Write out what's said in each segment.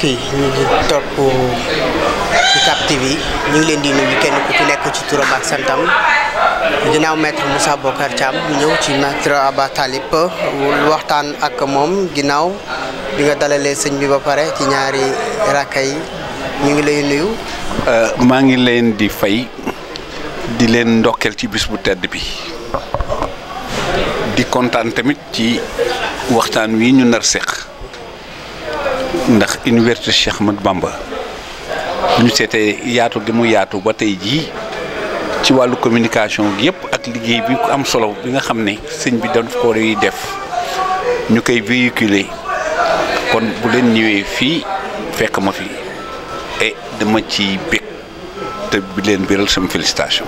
kii ñu ngi topp ci Cap TV ñu ngi leen di nuyu ci nekk ci turam ak waxtaan ak moom ginnaaw bi nga dalalee sëñ bi ba pare ci ñaari rakka yi ñu ngi lay nuyu. Euh, maa ngi leen di fay di leen ndokkeel ci bis bu tedd bi di kontaan tamit ci waxtaan wi ñu nar seq ndax université Cheikh Ahmadou Bamba bu ñu seetee yaatu gi mu yaatu ba tey jii ci wàllu communication gi yëpp ak liggéey bi ku am solo bi nga xam ne sëñ bi dañ ko yi def ñu koy véhiculer kon bu leen ñëwee fii fekk ma fi et dama ci bég te bi leen biral sama félicitation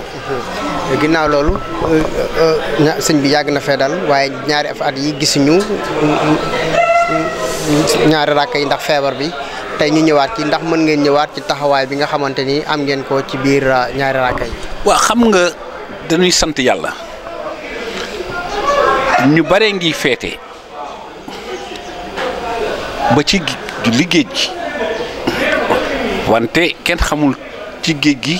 ginnaaw loolu euh, euh, sëñ bi yàgg na fee dal waaye ñaari at yi gisuñu ñaari rakk yi ndax feebar bi tey ñu ñëwaat ci ndax mën ngeen ñëwaat ci taxawaay bi nga xamante ni am ngeen ko ci biir euh, ñaari rakk yi. waaw xam nga dañuy sant yàlla ñu bare ngi feete ba ci liggéey ji wante kenn xamul ci géej gi.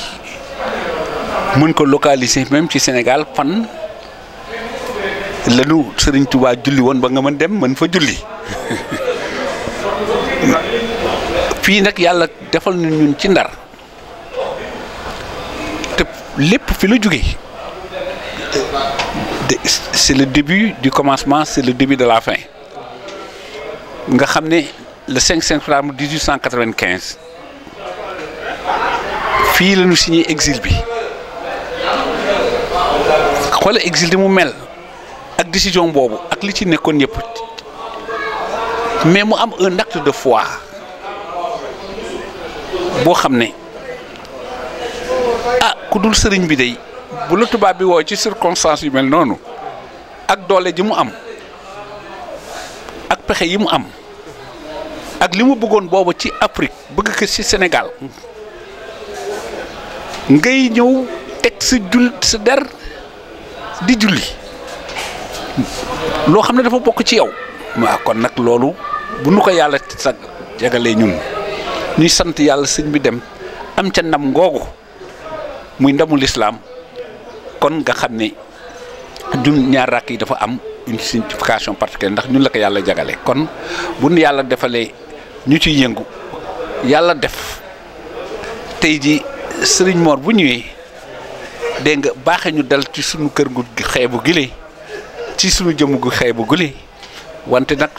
mën ko localiser même ci Sénégal fan lanu Sëriñ Tuubaa julli woon ba nga mën dem mën fa julli fii nag yàlla defal na ñun ci ndar te lépp fi la jóge c'est le début du commencement c'est le début de la fin nga xam ne le 5 septembre 1895 fii la ñu signé exil bi xoola exil di mu mel ak décision boobu ak li ci nekkoon yëpp mais mu am un acte de foi boo xam ne ah ku dul sëriñ bi day bu la tubaab bi wow ci circonstance yu mel noonu ak doole ji mu am ak pexe yi mu am ak li mu bëggoon boobu ci Afrique bëgg ko ci Sénégal ngay ñëw teg sa der di julli loo xam ne dafa bokk ci yow waaw kon nag loolu bu nu ko yàlla sa jagalee ñun ñuy sant yàlla sëñ bi dem am ca ndam ngoogu muy ndamu lislaam kon nga xam ne dun ñaar rakk yi dafa am une signification particulière ndax ñun la ko yàlla jagale kon bu nu yàlla defalee ñu ciy yëngu yàlla def tey ji sëriñ Mor bu ñëwee dégg nga baaxe ñu dal ci suñu kër gu bu gile ci suñu jëmm gu xeebu gile wante nag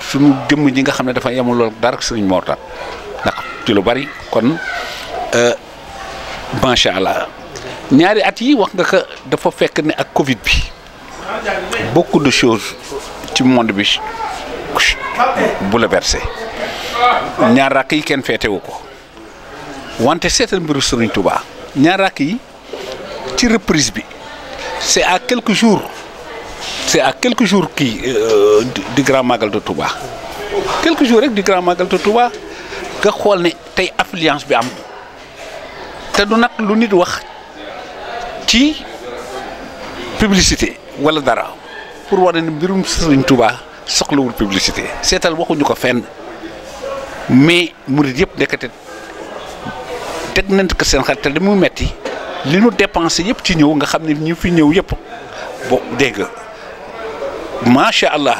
suñu jëmm ji nga xam ne dafa yemul lool dara sëriñ Mor Talla ndax ci lu bari kon euh, macha allah ñaari at yi wax nga ko dafa fekk ne ak Covid bi beaucoup de choses ci monde bi bouleversé ñaar rakk yi kenn feetewu ko wante seetal mbiru Sëriñ Tuubaa ñaar rakk yi. ci reprise bi c'est à quelque jours c'est à quelque jours kii euh, du grand magal de Touba quelques jours rek du grand magal de Touba nga xool ne tey affluence bi am te du nag lu nit wax ci publicité wala dara pour wane ne mbirum Sëriñ Touba soxlawul publicité seetal waxuñu ko fenn mais murid yëpp nekkate teg nañ ko seen xel te mu metti li nu dépensé yëpp ci ñëw nga xam ne ñu fi ñëw yëpp bo dégg nga macha allah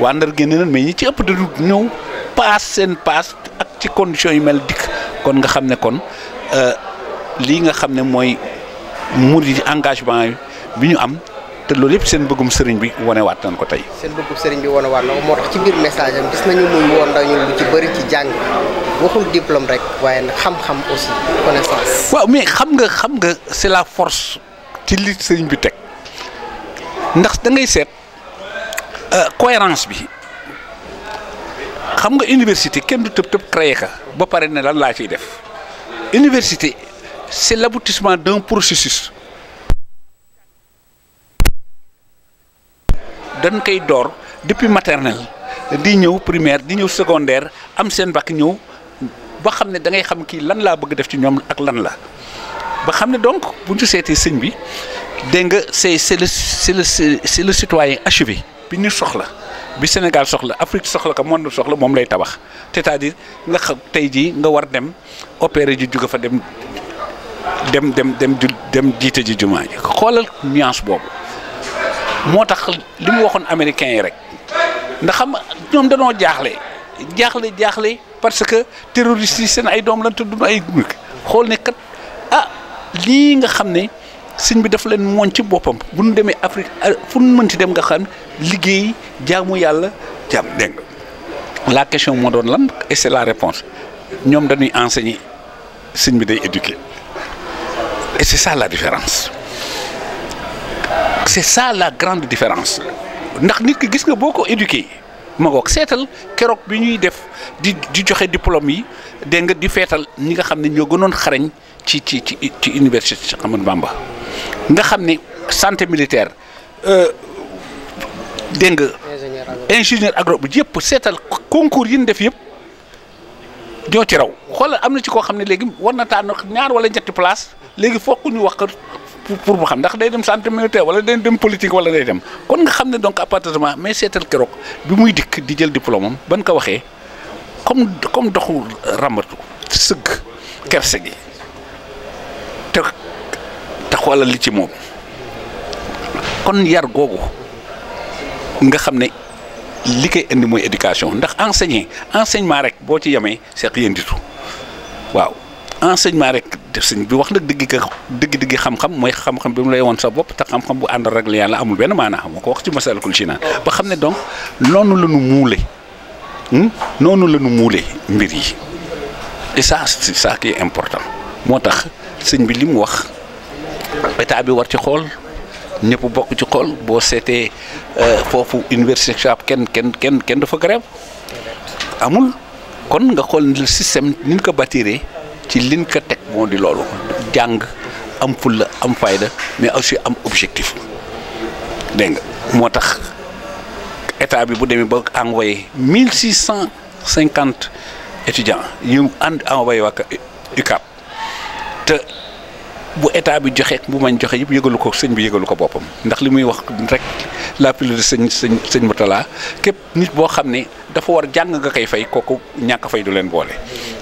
waa Ndar génne nañ mais ñi ci ëpp dañu ñëw paas seen paas ak ci conditions yu mel dikk kon nga xam ne kon euh, lii nga xam ne mooy murid engagement bi ñu am. te loolu yëpp seen bëggum sëriñ bi wanewaat nañ ko tey. seen bëggum sëriñ bi wanewaat na ko moo tax ci biir message am gis nañu muy woon ndaw lu ci bëri ci jàng waxul diplôme rek waaye nag xam-xam aussi connaissance. waaw mais xam nga xam nga c'est la force ci li sëriñ bi teg ndax dangay seet euh, cohérence bi xam nga université kenn du tëb tëb créé ka ba pare ne lan laa ciy def université c'est l'aboutissement d'un processus. dañ koy door depuis maternelle di ñëw primaire di ñëw secondaire am seen bac ñëw ba xam ne da ngay xam kii lan laa bëgg def ci ñoom ak lan la ba xam ne donc bu ñu seetee sëñ bi dégg nga c'est c'est le c'est le c'est le citoyen achevé bi ñu soxla bi Sénégal soxla Afrique soxla ko monde soxla moom lay tabax c'est-à-dire nga xam tey jii nga war dem opérer ji jóge fa dem dem dem dem dem jiite ji jumaa ji xoolal nuance boobu. moo tax li mu waxoon américains yi rek ndax xam ñoom danoo jaaxle jaaxle jaaxle parce que terroristes yi seen ay doom lan te duñu ay gurg xool ne kat ah lii nga xam ne sëñ bi dafa leen mooñ ci boppam bu ñu demee Afrique ah, fu ñu mënti dem nga xam liggéey jaamu yàlla jaam dégg nga la question moo doon lan et c'est la réponse ñoom dañuy enseigner sëñ bi day éduquer et c'est ça la différence. donc c'est ça la grande différence ndax nit ki gis nga boo ko éduqué ma ngoog seetal keroog bi ñuy def di di joxe diplôme yi dégg nga di feetal ñi nga xam ne ñoo gënoon xarañ ci ci ci ci université Cheikh Ahmadou Bamba nga xam ne santé militaire euh, dégg nga ingénieur agro bu yëpp seetal concours yi ñu def yëpp ñoo ci raw xoolal am na ci koo xam ne léegi war na tànn ñaar wala ñetti place léegi fokk ñu wax pour bu xam ndax day dem santé militaire wala day dem politique wala day dem kon nga xam ne donc appartement mais seetal keroog bi muy dikk di jël diplôme am ban ko waxee comme comme doxu ràmbatu sëgg kerse gi te te xoolal li ci moom kon yar googu nga xam ne li koy indi mooy éducation ndax enseigner enseignement rek boo ci yemee seq yënditu enseignement rek def sëñ bi wax nag dëgg ka dëgg dëgg xam-xam mooy xam-xam bi mu lay won sa bopp te xam-xam bu ànd rek la yàlla amul benn maanaam moo ko wax ci masalikul jinaan ba xam ne donc noonu la ñu muule hmm? noonu la muule mbir yi et ça c'est ça qui est important moo tax sëñ bi li mu wax état bi war ci xool ñëpp bokk ci xool boo seetee euh, foofu université chab kenn kenn kenn kenn dafa grève amul kon nga xool système ni ko bâtiree ci lin ko teg moo di loolu jàng am fulla am fayda mais aussi am objectif dégg nga moo tax état bi bu demee ba envoyé mille six cent cinquante étudiants yu ànd envoyé waa te bu état bi joxe bu mañ joxe yëpp yëgalu ko sëñ bi yëgalu ko boppam ndax li muy wax rek la pilule sëñ sëñ sëñ Moutala képp nit boo xam ne dafa war jàng nga kay fay kooku ñàkk fay du leen boole.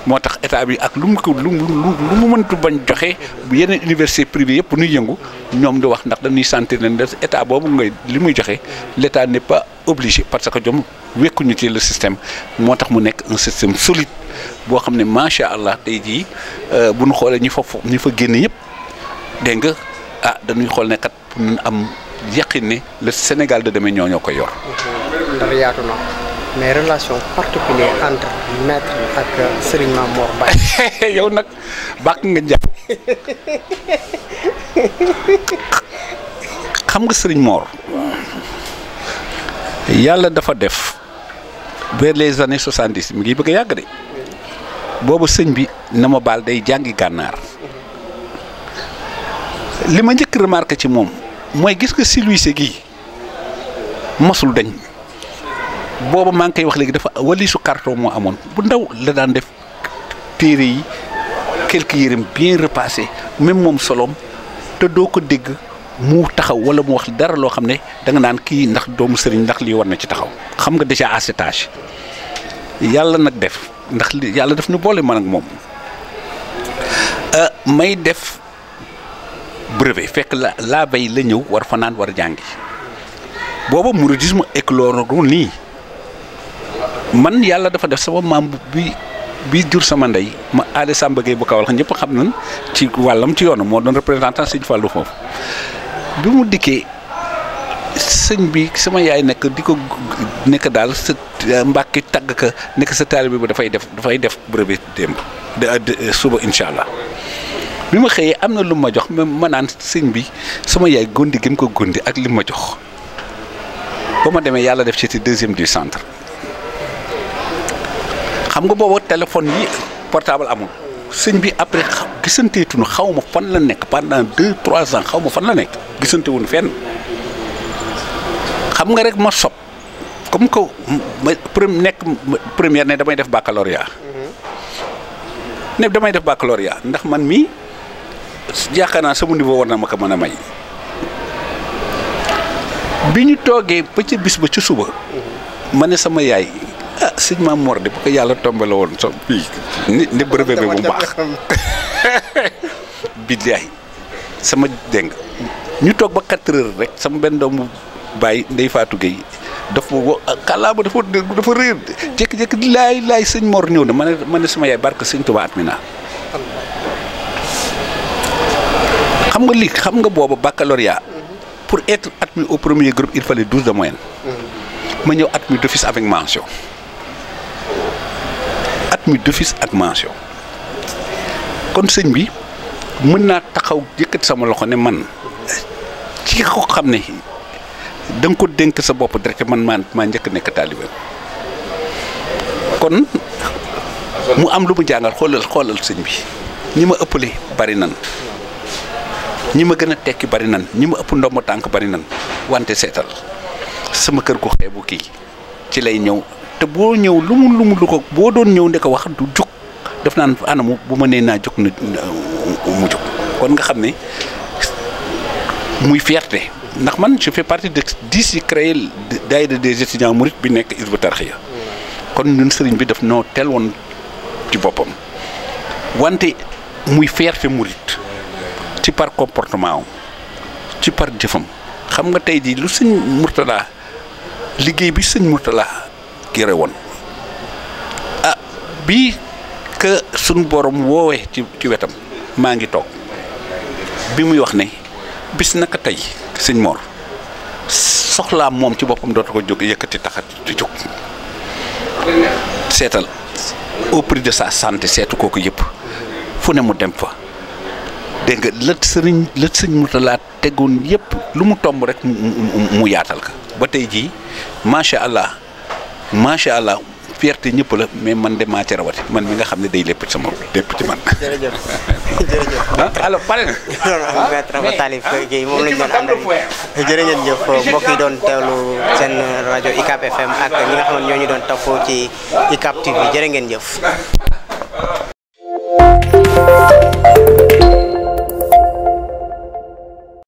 moo tax état bi ak lu mu ko lu lu mu mëntu bañ joxe yeneen université privée yëpp nuy yëngu ñoom di wax ndax dañuy sentir ne état boobu ngay li muy joxe l' ne n' est pas obligé parce que jom wekkuñu ci le système moo tax mu nekk un système solide boo xam ne macha allah tey jii euh, bu nu xoolee ñi fa ñi fa génn yëpp. dégg nga ah dañuy xool ne kat am yaqin ne le Sénégal de demain ñoo ñoo koy yor. ndax mais relation particulière entre maître yow nag bàq nga jaay xam nga Serigne Mor. yàlla dafa def vers les années soixante-dix mi ngi bëgg yàgg de boobu sëñ bi na ma baal day jàngi gànnaar. li ma njëkk remarqué ci moom mooy gis nga silwise gii masul dañ booba maa ngi koy wax léegi dafa walisu carton moo amoon bu ndaw la daan def téere yi quelques yérem bien repassé même moom solom te doo ko dégg mu taxaw wala mu wax dara loo xam ne danga nga naan kii ndax doomu sëriñ ndax lii war na ci taxaw xam nga déjà à cet yàlla nag def ndax li yàlla def nu boole mën ak moom euh, may def brevet fekk la laa bay la ñëw war fanaan war jàngi booba mouridisme éclore nii man yàlla dafa def sama maam bi bi jur sama ndey ma aade Samba Gueye bu Kawlax ñëpp xam nañ ci wàllam ci yoonu moo doon représentant sëñ Fallou foofu bi mu dikkee sëñ bi sama yaay nekk di ko nekk daal sa euh, mbàkki tagg ka nekk sa taalibe bi dafay def dafay def brevet démb de suba incha allah. bi ma xëyee am na lu ma jox ma naan sëñ bi sama yaay gondi gi ko gondi ak li ma jox ba ma demee yàlla def ci ci deuxième du centre xam nga booba téléphone yi portable amul sëñ bi après gisanteetuñu xaw ma fan la nekk pendant deux trois ans xaw ma fan la nekk gisante wuñu fenn xam nga rek ma sob comme que ma premier nekk première ne damay def baccalauréat mm-hmm. ne damay def baccalauréat ndax man mii. yaakaar naa sama niveau war na ma ko mën a may bi ñu toogee ba ca bis ba ci suba ma ne sama yaay ah sëñ Maam Mor de bu ko yàlla tombale woon so bii ni ni brevet bi bu baax billahi sama déng ñu toog ba quatre rek sama benn doomu bàyyi ndey Fatou Gueye daf ma woo kàllaama dafa dafa réer jékki-jékki laay laay sëñ Mor ñëw na ma ne ma ne sama yaay barke sëñ Tuubaa mi naa xam nga li xam nga boobu baccalauréat pour être admis au premier groupe il fallait de moyenne. ma ñëw admis d'office avec mention. admis d'office ak mention. kon sëñ bi mën naa taxaw yëkkat sama loxo ne man ci ko xam ne da ko dënk sa bopp direct man maa maa njëkk nekk taalibe kon mu am lu mu jàngal xoolal xoolal sëñ bi ñi ma ëppale bari nan ñi ma gën a tekki bari nan ñi ma ëpp ma tànk bari nan wante seetal sama kër ko xeebu kii ci lay ñëw te boo ñëw lu mu lu mu lu ko boo doon ñëw ndeka wax du jóg def naan anamu bu ma nee naa jóg na mu jóg kon nga xam ne muy fierté ndax man je fais partie de dix yi créé de des étudiants mourides bi nekk Hizbut Tarqiyyah kon ñun sëriñ bi daf noo teel woon ci boppam wante muy fierté mouride ci par comportement am ci par jëfam xam nga tey jii lu sëñ Mourtada liggéey bi sëñ Mourtada gére woon a ah, bii que suñ borom woowee ci ci wetam maa ngi toog bi muy wax ne bis naka tey sëñ Mor soxlaam moom ci boppam dootu ko jóg yëkkati taxat di jóg seetal au sa santé seetu kooku yépp fu ne mu dem fa dégg nga lët sëñ mu sëriñ Mourtala tegoon yëpp lu mu tomb rek mu yaatal ko ba tey jii macha allah macha allah fierté ñëpp la mais man de maa ci rawati man mi nga xam ne day lépp ci sama lépp ci man. jërëjëf jërëjëf. Ah, alors pare na. ah mais Talif ah. moom la ñu doon àndal jërëjëf mbokk yi doon teewlu seen rajo ICAP FM ak ñi nga xam ñoo ñu doon topp ci ICAP TV jërë ngeen jëf.